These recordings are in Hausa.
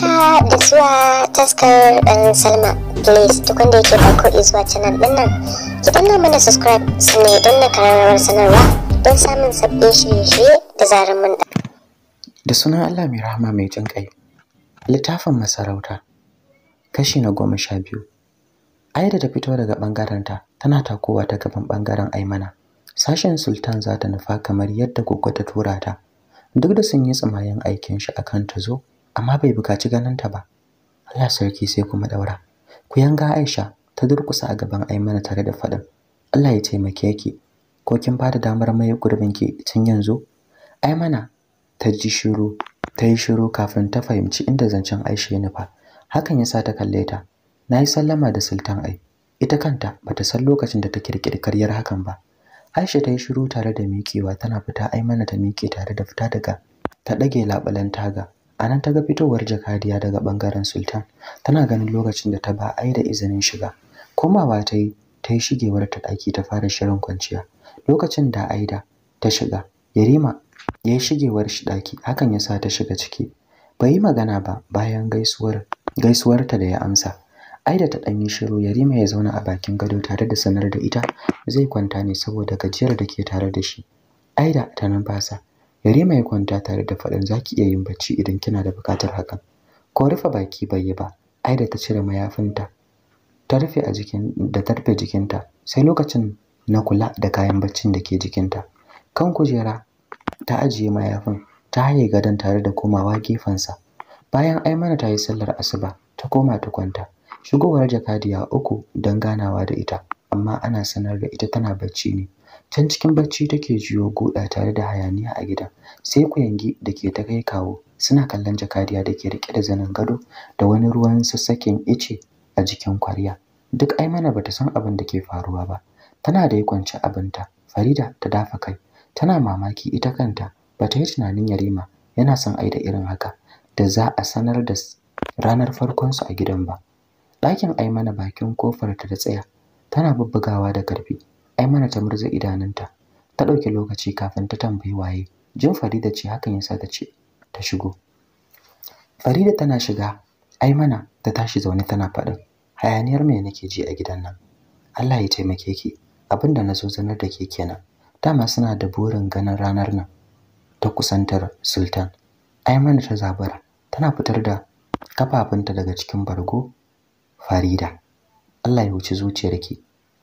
haka ah, da zuwa taskar ɗan um, salma please duk wanda yake farko izuwa canal ɗin nan ki danna mana subscribe sannan don na kararrawar sanarwa don samun sabbin shirye-shirye da zarar mun da da sunan allah mai rahama mai jin kai littafin masarauta kashi na goma sha biyu aida ta fito daga ɓangarenta tana takowa ta gaban ɓangaren aimana sashen sultan za ta nufa kamar yadda gogo ta tura ta duk da sun yi tsamayen aikin shi akan ta zo amma bai bukaci ta ba Allah sarki sai kuma daura ku yanga Aisha ta durƙusa a gaban Aimana tare da fadin Allah ya taimake ki ko kin bada damar mai gurbin ki tun yanzu Aimana ta ji shiru ta yi shiru kafin ta fahimci inda zancen Aisha ya nufa hakan yasa ta kalle ta nayi sallama da sultan ai ita kanta bata san lokacin da ta kirkiri karyar hakan ba Aisha ta yi shiru tare da miƙewa tana fita Aimana ta miƙe tare da fita daga ta ɗage labulen taga a nan ta ga fitowar jakadiya daga ɓangaren sultan tana ganin lokacin da ta ba ai da izinin shiga komawa ta yi ta yi shigewar ta ɗaki ta fara shirin kwanciya lokacin da aida ta shiga yarima ya yi shigewar shi ɗaki hakan ya sa ta shiga ciki bai yi magana ba bayan gaisuwar gaisuwarta da ya amsa aida ta ɗan yi shiru yarima ya zauna a bakin gado tare da sanar da ita zai kwanta ne saboda gajiyar da ke tare da shi aida ta numfasa Yarima ya kwanta tare da faɗin za ki iya yin bacci idan kina da buƙatar hakan. Ko rufe baki bai yi ba, ai da ta cire mayafinta. Ta rufe a jikin da ta rufe jikinta sai lokacin na kula da kayan baccin da ke jikinta. Kan kujera ta ajiye mayafin ta haye gadon tare da komawa gefensa. Bayan ai mana ta yi sallar asuba ta koma ta kwanta. Shigowar jakadiya uku don ganawa da ita amma ana sanar da ita tana bacci ne. Can cikin barci take jiyo guda tare da hayaniya a gidan. Sai kuyangi da ke ta kai kawo suna kallon jakadiya da ke rike da zanin gado da wani ruwan sassaken ice a jikin kwarya. Duk Aimana bata san abin da ke faruwa ba. Tana da kwance abinta. Farida ta dafa kai. Tana mamaki ita kanta bata yi tunanin Yarima yana son aida irin haka da za a sanar da ranar farkon su a gidan ba. Ɗakin Aimana bakin kofar ta da tsaya tana bubbugawa da karfi mana ta murza idanunta. Ta ɗauki lokaci kafin ta tambayi waye. Jin Farida ce hakan yasa ta ce ta shigo. Farida tana shiga, Aimana ta tashi zaune tana faɗin, hayaniyar me nake ji a gidan nan? Allah ya taimake ki, abin da na zo sanar da ke kenan. Dama suna da burin ganin ranar nan ta kusantar Sultan. mana ta zabara, tana fitar da kafafunta daga cikin bargo Farida. Allah ya wuce zuciyarki.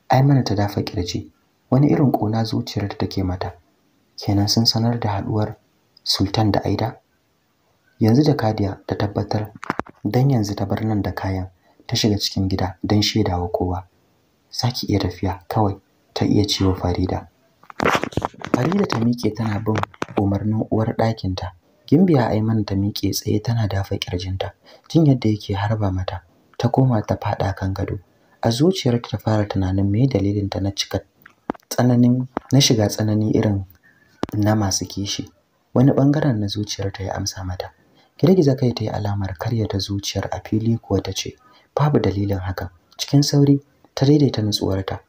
ai mana ta dafa kirji wani irin kona zuciyar ta take mata kenan sun sanar da haduwar Sultan da Aida yanzu da Kadiya ta tabbatar dan yanzu ta bar nan da kayan ta shiga cikin gida dan shedawa kowa saki iya tafiya kawai ta iya cewa Farida Farida ta mike tana bin umarnin uwar ɗakinta Gimbiya Aiman ta mike tsaye tana dafa kirjinta tun yadda yake harba mata ta koma ta fada kan gado a zuciyarta ta fara tunanin me dalilinta na cika tsananin na shiga tsanani irin na masu kishi wani bangaren na zuciyarta ya amsa mata girgiza kai ta yi alamar karya ta zuciyar a fili kuwa ta ce babu dalilin hakan cikin sauri ta daidaita nutsuwarta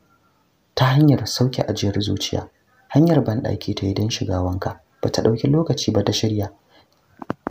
ta hanyar sauke ajiyar zuciya hanyar banɗaki ta yi don shiga wanka ba ta ɗauki lokaci ba ta shirya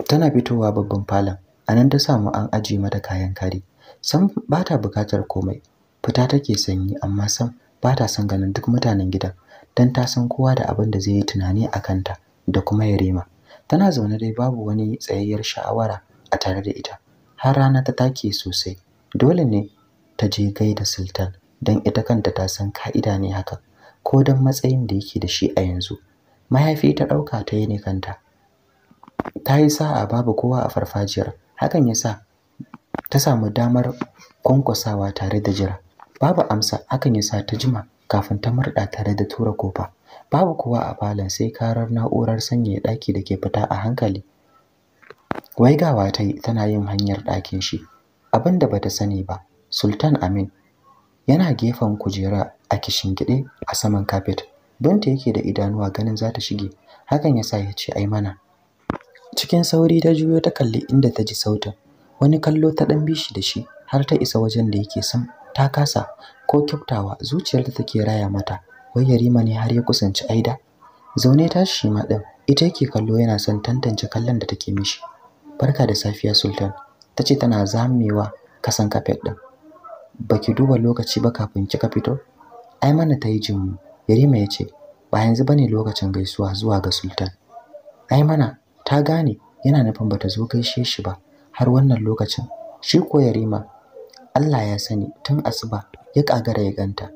tana fitowa babban falon a nan ta samu an aje mata kayan kari sam ba ta bukatar komai fita take sanyi amma sam ba ta son ganin duk mutanen gidan dan ta san kowa da abin da zai yi tunani a kanta da kuma yarima tana zaune dai babu wani tsayayyar sha'awara a tare da ita har rana ta take sosai dole ne ta je gaida sultan dan ita kanta ta san ka'ida ne haka ko don matsayin da yake da shi a yanzu mahaifi ta ɗauka ta yi ne kanta ta yi sa'a babu kowa a farfajiyar hakan ya sa ta samu damar kwankwasawa tare da jira babu amsa hakan ya sa ta jima kafin ta murɗa tare da tura kofa babu kowa a falon sai karar na'urar sanyaya ɗaki da ke fita a hankali Wai ga yi tana yin hanyar ɗakin shi abin da bata sani ba sultan amin yana gefen kujera a kishin kishingiɗe a saman kafet binta yake da idanuwa ganin za ta shige hakan ya sa ya ce ai mana cikin sauri ta juyo ta kalli inda ta ji sautin wani kallo ta ɗan bishi da shi har ta isa wajen da yake sam ta kasa ko kyaftawa zuciyar ta take raya mata wai yarima ne har ya kusanci aida zaune ta shi ma ɗin ita yake kallo yana son tantance kallon da take mishi barka da safiya sultan ta ce tana zamewa kasan kafet ɗin baki duba lokaci ba kafin kika fito ai mana ta yi jinmu yarima ya ce ba yanzu bane lokacin gaisuwa zuwa ga sultan ai mana ta gane yana nufin bata zo gaishe shi ba har wannan lokacin shi ko yarima Allah ya sani tun asuba ya ƙagara ya ganta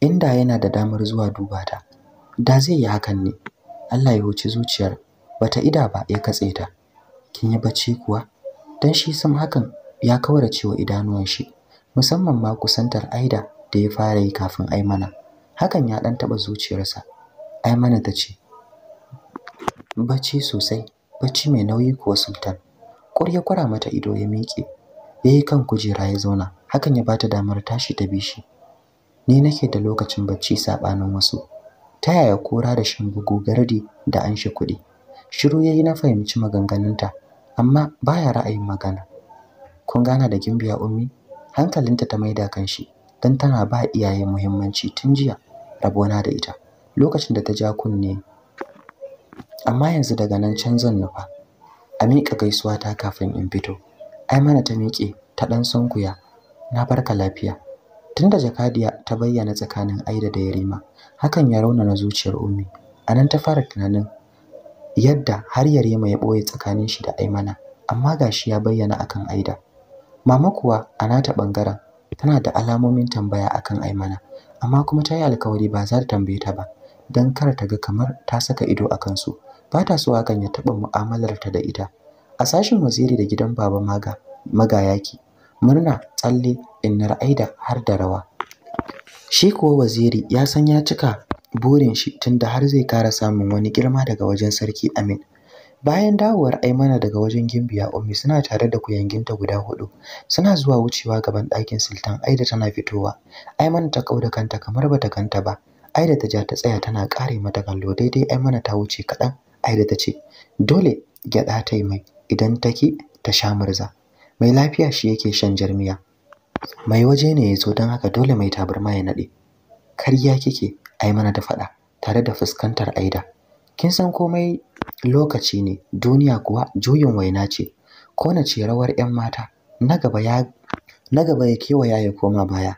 inda yana da damar zuwa duba ta da zai yi hakan ne Allah ya wuce zuciyar bata ida ba ya katse ta kin yi bacci kuwa dan shi sun hakan ya kaurace wa idanuwan shi musamman ma kusantar Aida da ya fara yi kafin Aimana hakan ya dan taba zuciyarsa Aimana ta ce bacci sosai bacci mai nauyi kuwa sultan maƙur ya kwara mata ido ya miƙe ya yi kan kujera ya zauna hakan ya bata damar tashi ta bishi ni nake da lokacin bacci saɓanin wasu ta yaya kora da shan bugu gardi da an shi kuɗi shiru ya yi na fahimci maganganunta amma baya ra'ayin magana kun gana da gimbiya ummi hankalinta ta maida kan shi don tana ba iyaye muhimmanci tun jiya rabona da ita lokacin da ta ja kunne amma yanzu daga nan can nufa a mika gaisuwa ta kafin in fito ai mana ta miƙe ta ɗan sunkuya na barka lafiya tunda jakadiya ta bayyana tsakanin aida da yarima hakan ya rauna na zuciyar ummi anan ta fara tunanin yadda har yarima ya ɓoye tsakanin shi da aimana amma gashi ya bayyana akan aida mama kuwa a nata ɓangaren tana da alamomin tambaya akan aimana amma kuma ta yi alkawari ba za ta tambaye ta ba don kar ta ga kamar ta saka ido a kansu ba ta so hakan ya taɓa mu'amalarta da ita a sashin waziri da gidan baba maga magayaki murna tsalle innar aida har da rawa shi kuwa waziri ya san ya cika burin shi tunda har zai kara samun wani girma daga wajen sarki amin bayan dawowar aimana daga wajen gimbiya ummi suna tare da kuyanginta guda hudu suna zuwa wucewa gaban ɗakin sultan aida tana fitowa aimana ta kauda kanta kamar bata kanta ba aida ta ja ta tsaya tana kare mata kallo daidai aimana ta wuce kaɗan Aida ta ce dole gyaɗa ta yi mai idan ta ki ta sha murza mai lafiya shi yake shan jarmiya mai waje ne ya zo don haka dole mai tabarma ya naɗe karya kike ai mana da faɗa tare da fuskantar aida kin san komai lokaci ne duniya kuwa juyin waina ce ko na ce rawar 'yan mata na gaba ya kewaya ya koma baya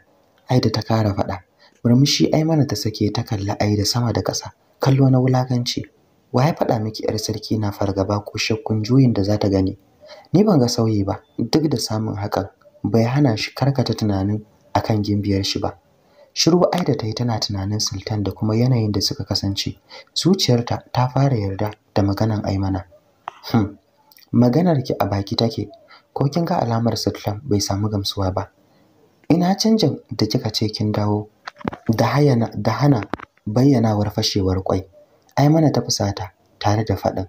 aida ta kara faɗa murmushi ai mana ta sake ta kalla aida sama da ƙasa kallo na wulakanci wa ya faɗa miki yar sarki na fargaba ko shakkun juyin da za ta gani ni ban ga sauyi ba duk da samun hakan bai hana shi karkata tunanin akan gimbiyar shi ba shiru aida ta yi tana tunanin sultan da kuma yanayin da suka kasance zuciyarta ta fara yarda da maganan aimana hmm. maganar ki a baki take ko kin ga alamar sultan bai samu gamsuwa ba ina canjin da kika ce kin dawo da hana bayyanawar fashewar kwai ai mana ta fusata tare da faɗin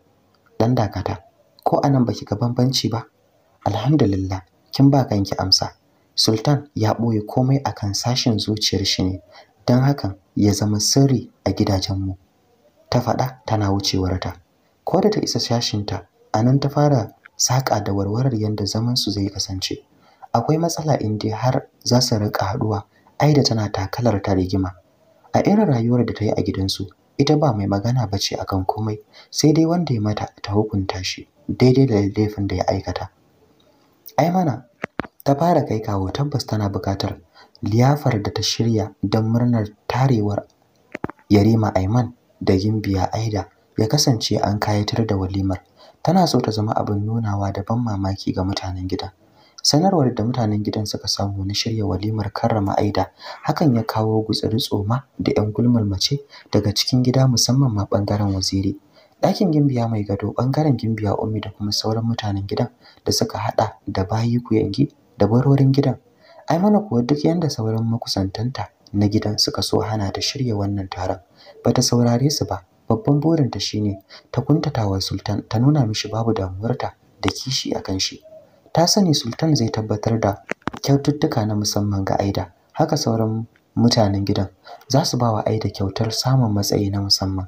dan dakata ko anan baki ga bambanci ba alhamdulillah kin ba kanki amsa sultan ya boye komai akan sashin zuciyar shi ne dan hakan ya zama sirri a gidajenmu ta faɗa tana ta ko da ta isa sashinta a nan ta fara saƙa da warwarar yadda su zai kasance akwai matsala inda har za su riƙa haɗuwa ai da tana takalar ta rigima a irin rayuwar da ta yi a gidansu ita ba mai magana ba bace akan komai sai dai wanda ya mata ta hukunta shi daidai da laifin da ya aikata ai mana ta fara kai kawo tabbas tana bukatar liyafar da ta shirya don murnar tarewar yarima aiman da gimbiya aida ya kasance an kayatar da walimar tana so ta zama abin nunawa da ban mamaki ga mutanen gidan sanarwar da mutanen gidan suka samu na shirya walimar karrama aida hakan ya kawo gutsiri tsoma da yan gulmar mace daga cikin gida musamman ma bangaren waziri ɗakin gimbiya mai gado bangaren gimbiya ummi da kuma sauran mutanen gidan da suka hada da bayi kuyangi da barorin gidan ai mana kuwa duk yanda sauran makusantanta na gidan suka so hana ta shirya wannan taron bata saurare su ba babban burinta shine ta kuntatawa sultan ta nuna mishi babu damuwarta da kishi akan shi ta sani sultan zai tabbatar da kyaututtuka na musamman ga aida haka sauran mutanen gidan za su ba wa aida kyautar samun matsayi na musamman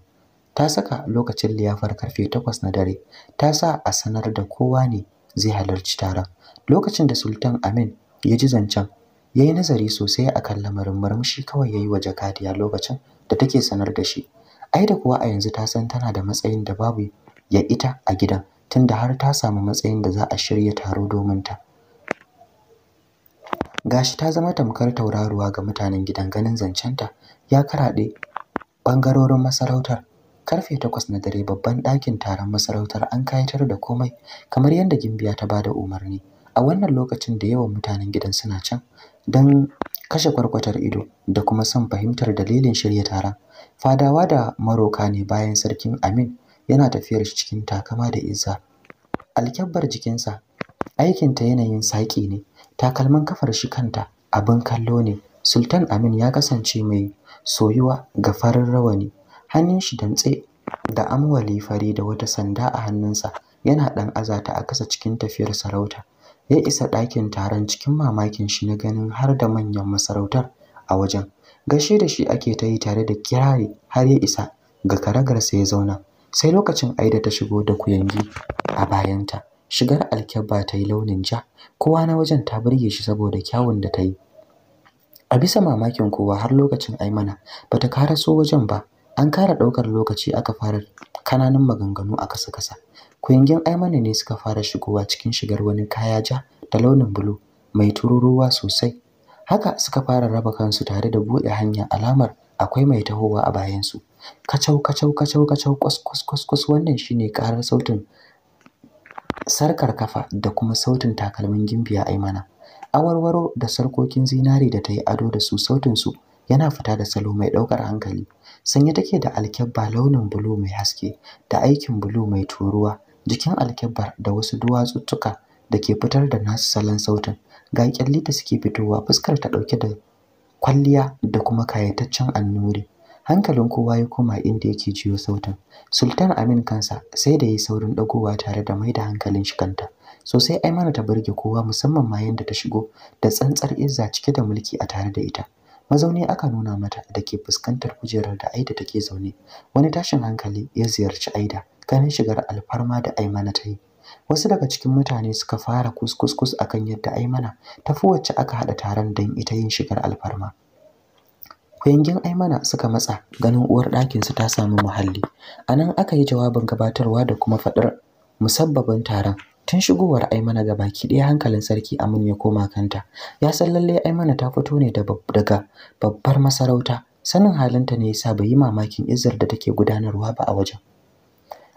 ta saka lokacin liyafar karfe 8 na dare ta sa a sanar da kowa ne zai halarci taron lokacin da sultan amin ya ji zancen ya yi nazari sosai a kan lamarin murmushi kawai ya yi wa jakadiya lokacin da take sanar da shi aida kuwa a yanzu ta san tana da matsayin da babu ya ita a gidan tunda har ta samu matsayin da za a shirya taro domin ta gashi ta zama tamkar tauraruwa ga mutanen gidan ganin zancenta ya karade Bangarorin masarautar karfe takwas na dare babban ɗakin taron masarautar an kayatar da komai kamar yadda gimbiya ta bada umarni a wannan lokacin da yawan mutanen gidan suna can don kashe kwarkwatar ido da kuma son fahimtar dalilin shirya taron fadawa da maroka ne bayan sarkin amin yana tafiyar shi cikin takama da izza alkyabbar jikinsa aikinta yanayin saƙi ne takalman kafar shi kanta abin kallo ne sultan amin ya kasance mai soyuwa ga farin rawani hannun shi damtse da amwali fari da wata sanda a hannunsa yana ɗan azata a kasa cikin tafiyar sarauta ya isa ɗakin taron cikin mamakin shi na ganin har da manyan masarautar a wajen gashe da shi ake tayi tare da kirari har ya isa ga karagarsa ya zauna sai lokacin aida ta shigo da kuyangi a bayanta shigar alkyabba ta yi launin ja kowa na wajen ta burge shi saboda kyawun da ta yi a bisa mamakin kowa har lokacin aimana bata karaso wajen ba an kara ɗaukar lokaci aka fara kananan maganganu a kasa kasa kuyangin aimana ne suka fara shigowa cikin shigar wani kaya ja da launin bulu mai tururuwa sosai haka suka fara raba kansu tare da buɗe hanya alamar akwai mai tahowa a bayansu kacau kacau kacau kacau kwas kwas kwas kwas wannan shine karar sautin sarkar kafa da kuma sautin takalmin gimbiya mana. awarwaro da sarkokin zinari da ta yi ado da su sautin su yana fita da salo mai daukar hankali sanye take da alkebba launin bulu mai haske da aikin bulu mai turuwa jikin alkebbar da wasu duwatsuttuka da ke fitar da nasu salon sautin ga kyalli da suke fitowa fuskar ta dauke da kwalliya da kuma kayataccen annuri hankalin kowa ya koma inda yake jiyo sautin sultan amin kansa sai da yi saurin dagowa tare da mai da hankalin shi kanta sosai aimana ta burge kowa musamman ma yanda ta shigo da tsantsar izza cike da mulki a tare da ita mazauni aka nuna mata da ke fuskantar kujerar da aida take zaune wani tashin hankali ya ziyarci aida ganin shigar alfarma da aimana ta yi wasu daga cikin mutane suka fara kuskuskus akan yadda aimana ta fi wacce aka haɗa taron don ita yin shigar alfarma Kuyangin Aimana suka matsa ganin uwar ɗakinsu ta samu muhalli. A nan aka yi jawabin gabatarwa da kuma faɗar musabbabin taron. Tun shigowar Aimana ga baki ɗaya hankalin sarki Amin ya koma kanta. Ya san lallai Aimana ta fito ne daga babbar masarauta. Sanin halinta ne yasa bai yi mamakin izar da take gudanarwa ba a wajen.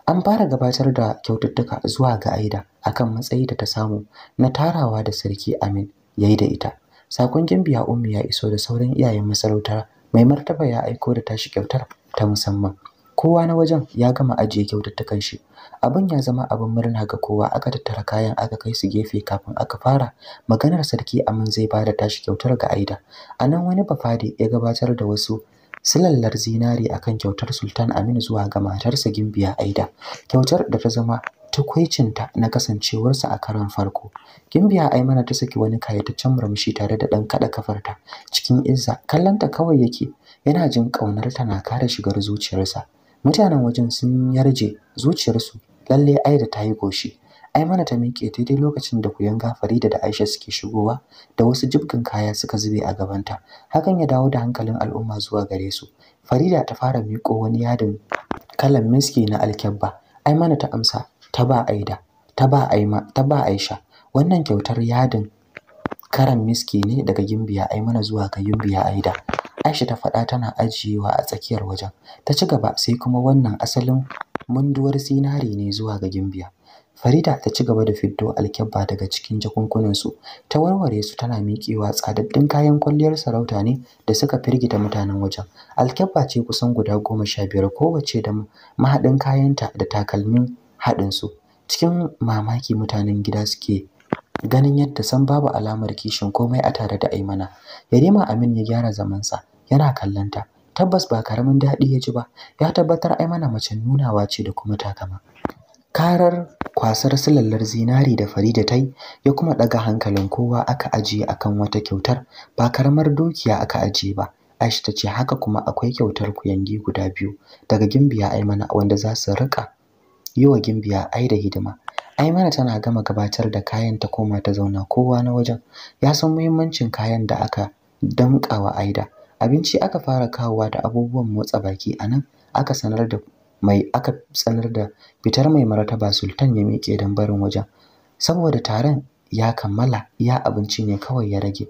An fara gabatar da kyaututtuka zuwa ga Aida akan matsayi da ta samu na tarawa da sarki Amin yayi da ita. Sakon Gimbiya Ummi ya iso da sauran iyayen masarautar mai martaba ya aiko da tashi kyautar ta musamman kowa na wajen ya gama ajiye kyautattukan shi abin ya zama abin murna ga kowa aka tattara kayan aka kai su gefe kafin aka fara maganar sarki amin zai bada tashi kyautar ga aida a nan wani bafadi ya gabatar da wasu silallar zinari akan kyautar sultan Aminu zuwa ga matarsa gimbiya aida kyautar da ta zama takwaicinta na kasancewarsa a karon farko. Gimbiya Aimana ta saki wani kayataccen murmushi tare da ɗan kaɗa kafarta cikin izza kallanta kawai yake yana jin ƙaunar ta na kare shigar zuciyarsa. Mutanen wajen sun yarje zuciyarsu lalle da ta yi goshi. Aimana ta miƙe daidai lokacin da kuyan Farida da Aisha suke shigowa da wasu jibgin kaya suka zube a gabanta. Hakan ya dawo da hankalin al'umma zuwa gare su. Farida ta fara miƙo wani yadin kalan miski na alkyabba. Aimana ta amsa ta ba Aida ta ba Aima ta ba Aisha wannan kyautar yadin karan miski ne daga Gimbiya ai mana zuwa ga Gimbiya Aida Aisha ta faɗa tana ajiyewa a tsakiyar wajen ta ci gaba sai kuma wannan asalin munduwar sinari ne zuwa ga Gimbiya Farida ta ci gaba da fiddo alkyabba daga cikin su ta warware su tana miƙewa tsadaddun kayan kwalliyar sarauta ne da suka firgita mutanen wajen. Alkyabba ce kusan guda goma sha biyar kowace da mahaɗin kayanta da takalmin Haɗin su cikin mamaki mutanen gida suke ganin yadda san babu alamar kishin komai a tare da aimana yarima amin ya gyara zamansa yana kallonta tabbas ba karamin daɗi ya ji ba ya tabbatar aimana mace nunawa ce da kuma takama karar kwasar silallar zinari da farida ta yi ya kuma ɗaga hankalin kowa aka ajiye akan wata kyautar ba karamar dukiya aka ajiye ba aisha ta ce haka kuma akwai kyautar kuyangi guda biyu daga gimbiya aimana wanda za su rika yi wa gimbiya ai da hidima Aimana tana gama gabatar da kayan ta koma ta zauna kowa na wajen ya san muhimmancin kayan da aka damƙa wa Aida abinci aka fara kawowa da abubuwan motsa baki a nan aka sanar da mai aka sanar da fitar mai martaba sultan ya miƙe don barin wajen saboda taron ya kammala ya abinci ne kawai ya rage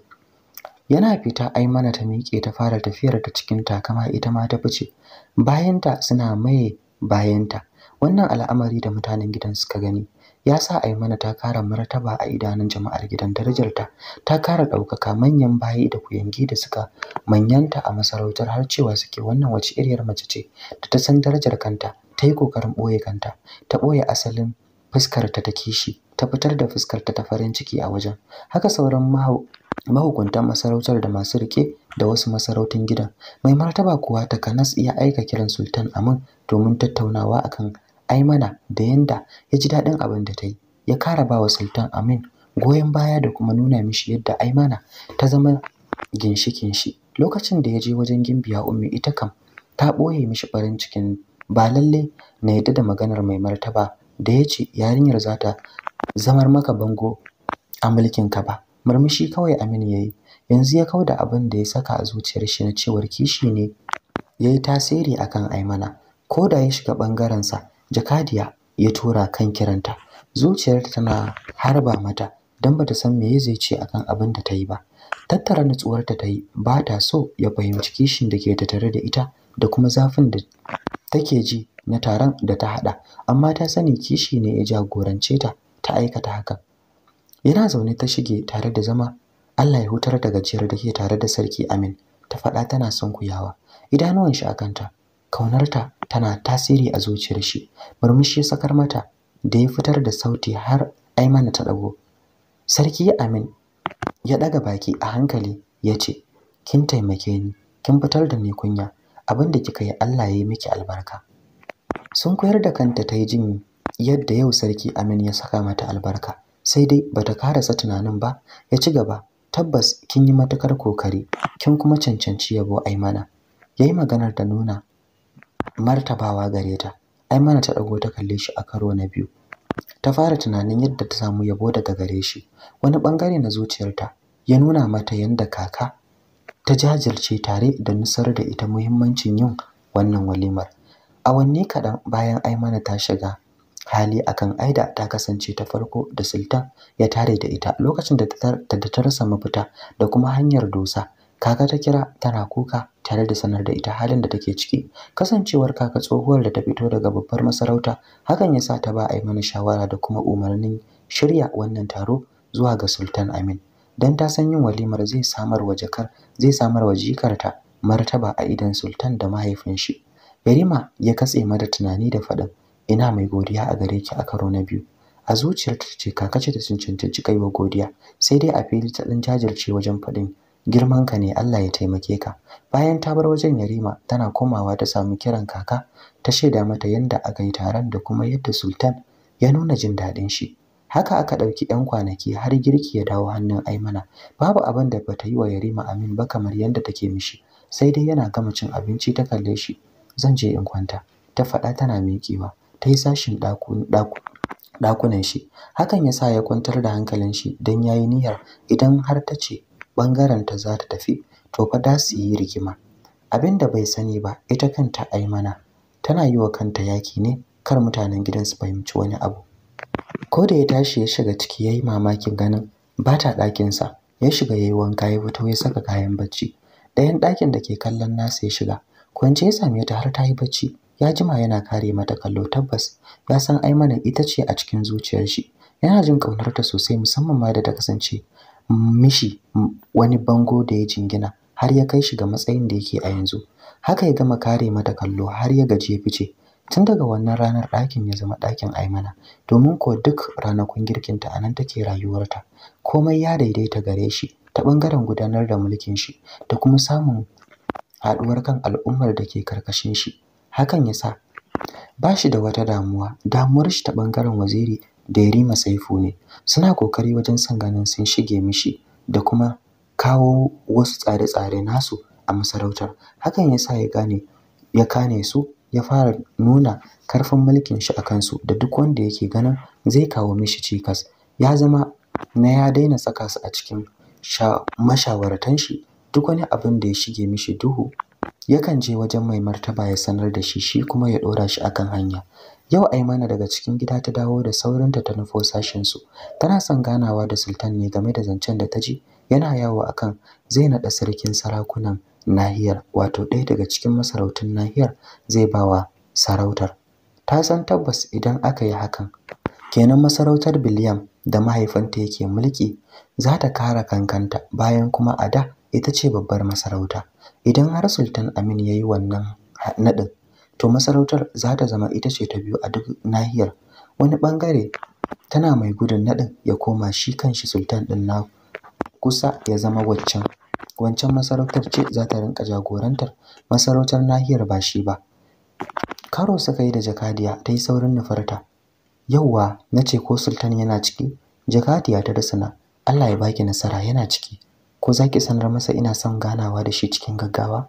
yana fita Aimana ta miƙe ta fara tafiyar ta cikin takama ita ma ta fice bayanta suna maye bayanta wannan al'amari da mutanen gidan suka gani ya sa mana ta kara martaba a idanun jama'ar gidan darajarta ta kara ɗaukaka manyan bayi da kuyangi da suka manyanta a masarautar har cewa suke wannan wace iriyar mace ce da ta san darajar kanta ta yi ƙoƙarin ɓoye kanta ta ɓoye asalin fuskarta ta kishi ta fitar da fuskarta ta farin ciki a wajen haka sauran mahukuntan masarautar da masu rike da wasu masarautun gidan mai martaba kuwa takanas ya aika kiran sultan amin domin tattaunawa akan ai mana da yanda ya ji daɗin abin da ta yi ya kara ba wa Sultan Amin goyon baya da kuma nuna mishi yadda ai mana ta zama ginshikin shi lokacin da ya je wajen Gimbiya Ummi ita kam ta ɓoye mishi farin cikin ba lalle na yadda da maganar mai martaba da ya ce yarinyar za ta zamar maka bango a mulkin ka ba murmushi kawai Amin ya yi yanzu ya kauda abin da ya saka a zuciyar shi na cewar kishi ne ya yi tasiri akan Aimana ko da ya shiga ɓangarensa jakadiya ya tura kan kiranta zuciyarta tana harba mata don bata san me zai ce akan abin da ta yi ba tattara natsuwarta ta yi ba ta so ya fahimci kishin da ke tattare da ita da kuma zafin da take ji na taron da ta haɗa amma ta sani kishi ne ya jagorance ta ta aikata haka yana zaune ta shige tare da zama Allah ya hutar da gajiyar da ke tare da sarki Amin ta faɗa tana son kuyawa idanuwan shi akanta kaunarta tana tasiri a zuciyar shi murmushi ya sakar mata da ya fitar da sauti har mana ta dago sarki amin ya daga baki a hankali ya ce kin taimake ni kin fitar da ni kunya abin da kika yi Allah ya yi miki albarka sun koyar da kanta ta yi jin yadda yau sarki amin ya saka mata albarka sai dai ba ta karasa tunanin ba ya ci gaba tabbas kin yi matukar kokari kin kuma cancanci yabo aimana yi maganar da nuna martabawa gare ta mana ta ɗago ta kalle shi a karo na biyu ta fara tunanin yadda ta samu yabo daga gare shi wani bangare na zuciyarta ya nuna mata yadda kaka ta jajirce tare da nusar da ita muhimmancin yin wannan walimar awanni kaɗan bayan ai mana ta shiga hali akan aida ta kasance ta farko da sultan ya tare da ita lokacin da ta rasa mafita da kuma hanyar dosa kaka ta kira tana kuka tare da sanar da ita halin da take ciki kasancewar kaka tsohuwar da ta fito daga babbar masarauta hakan ya sa ta ba mana shawara da kuma umarnin shirya wannan taro zuwa ga Sultan Amin dan ta san yin walimar zai samar wa jakar zai samar wa jikarta martaba a idan Sultan da mahaifin shi Yarima ya katse mata tunani da faɗin ina mai godiya a gare ki a karo na biyu a zuciyarta ce kaka ce ta cancanci kaiwa godiya sai dai a fili ta ɗan jajirce wajen faɗin Girman ka ne Allah ya taimake ka bayan ta bar wajen yarima tana komawa ta samu kiran kaka ta shaida mata yadda aka yi taron da kuma yadda sultan ya nuna jin daɗin shi haka aka ɗauki 'yan kwanaki har girki ya dawo hannun aimana babu abin da bata yi wa yarima amin ba kamar yadda take mishi sai dai yana gama cin abinci ta kalle shi zan je in kwanta ta faɗa tana miƙewa ta yi sashin ɗakunan shi hakan ya sa ya kwantar da hankalin shi don ya yi niyyar idan har ta ce ta za ta tafi to fa da su yi rigima abin da bai sani ba ita kanta aimana tana yi wa kanta yaki ne kar mutanen gidan su fahimci wani abu ko da ya tashi ya shiga ciki ya yi mamakin ganin ba ta ɗakinsa ya shiga ya yi wanka ya fito ya saka kayan bacci ɗayan ɗakin da ke kallon nasa ya shiga kwance ya same ta har ta yi bacci ya jima yana kare mata kallo tabbas ya san aimana ita ce a cikin zuciyar shi yana jin ƙaunarta sosai musamman ma da ta kasance mishi wani bango da ya jingina har ya kai shi ga matsayin da yake a yanzu haka ya gama kare mata kallo har ya gaji ya fice tun daga wannan ranar ɗakin ya zama ɗakin Aimana domin ko duk ranakun girkinta anan take rayuwarta komai ya daidaita gare shi ta bangaren gudanar da mulkin shi da kuma samun haɗuwar kan al'ummar da ke karkashin shi hakan ya sa. ba shi da wata damuwa damuwar shi ta ɓangaren waziri da Yarima Saifu ne suna kokari wajen son ganin sun shige mishi da kuma kawo wasu tsare-tsare nasu a masarautar hakan yasa ya gane ya kane su ya fara nuna karfin mulkin shi a kansu da duk wanda yake ganin zai kawo mishi cikas ya zama na ya daina saka su a cikin mashawartan shi duk wani abin da ya shige mishi duhu yakan je wajen mai martaba ya sanar da shi shi kuma ya ɗora shi akan hanya yau aimana daga cikin gida ta dawo da saurinta ta nufo sashensu tana son ganawa da sultan ne game da zancen da ta ji yana yawo akan zai naɗa sarkin sarakunan nahiyar wato ɗaya daga cikin masarautun nahiyar zai bawa sarautar ta san tabbas idan aka yi hakan kenan masarautar biliyam da mahaifinta yake mulki za ta kara kankanta bayan kuma a da ita ce babbar masarauta idan har sultan amin ya yi wannan naɗin to masarautar za ta zama ita ce ta biyu a duk nahiyar wani bangare tana mai gudun naɗin ya koma shi kan shi sultan ɗin na kusa ya zama waccan wancan masarautar ce za ta rinka jagorantar masarautar nahiyar ba shi ba karo suka yi da jakadiya ta yi saurin nufarta yauwa na ce ko sultan yana ciki jakadiya ta dasana allah ya baki nasara yana ciki ko za ki sanar masa ina son ganawa da shi cikin gaggawa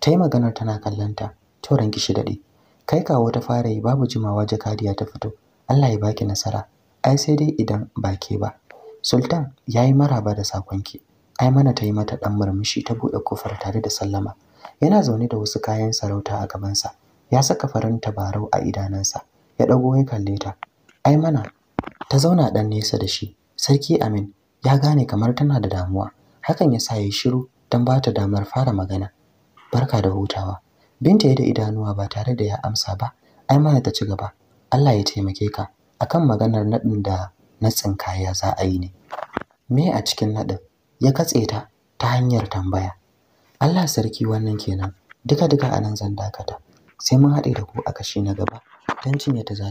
ta yi maganar tana kallonta to ki shi daɗe kai kawo ta fara yi babu jimawa jakadiya ta fito Allah ya baki nasara ai sai dai idan ba ke ba sultan ya yi maraba da sakonki ai mana ta yi mata ɗan murmushi ta buɗe kofar tare da sallama yana zaune da wasu kayan sarauta a gabansa ya saka farin tabarau a idanunsa ya dago ya kalle ta ai mana ta zauna ɗan nesa da shi sarki amin ya gane kamar tana da damuwa hakan ya sa ya yi shiru don ba ta damar fara magana barka da hutawa Binta ya da idanuwa ba tare da ya amsa ba. ai mana ta ci gaba. Allah ya taimake ka akan maganar naɗin da na tsinkaya za a yi ne. Me a cikin naɗin? Ya katse ta ta hanyar tambaya. Allah sarki wannan kenan. Duka duka a nan zan dakata. Sai mun haɗe da ku a kashi na gaba don cinye ta za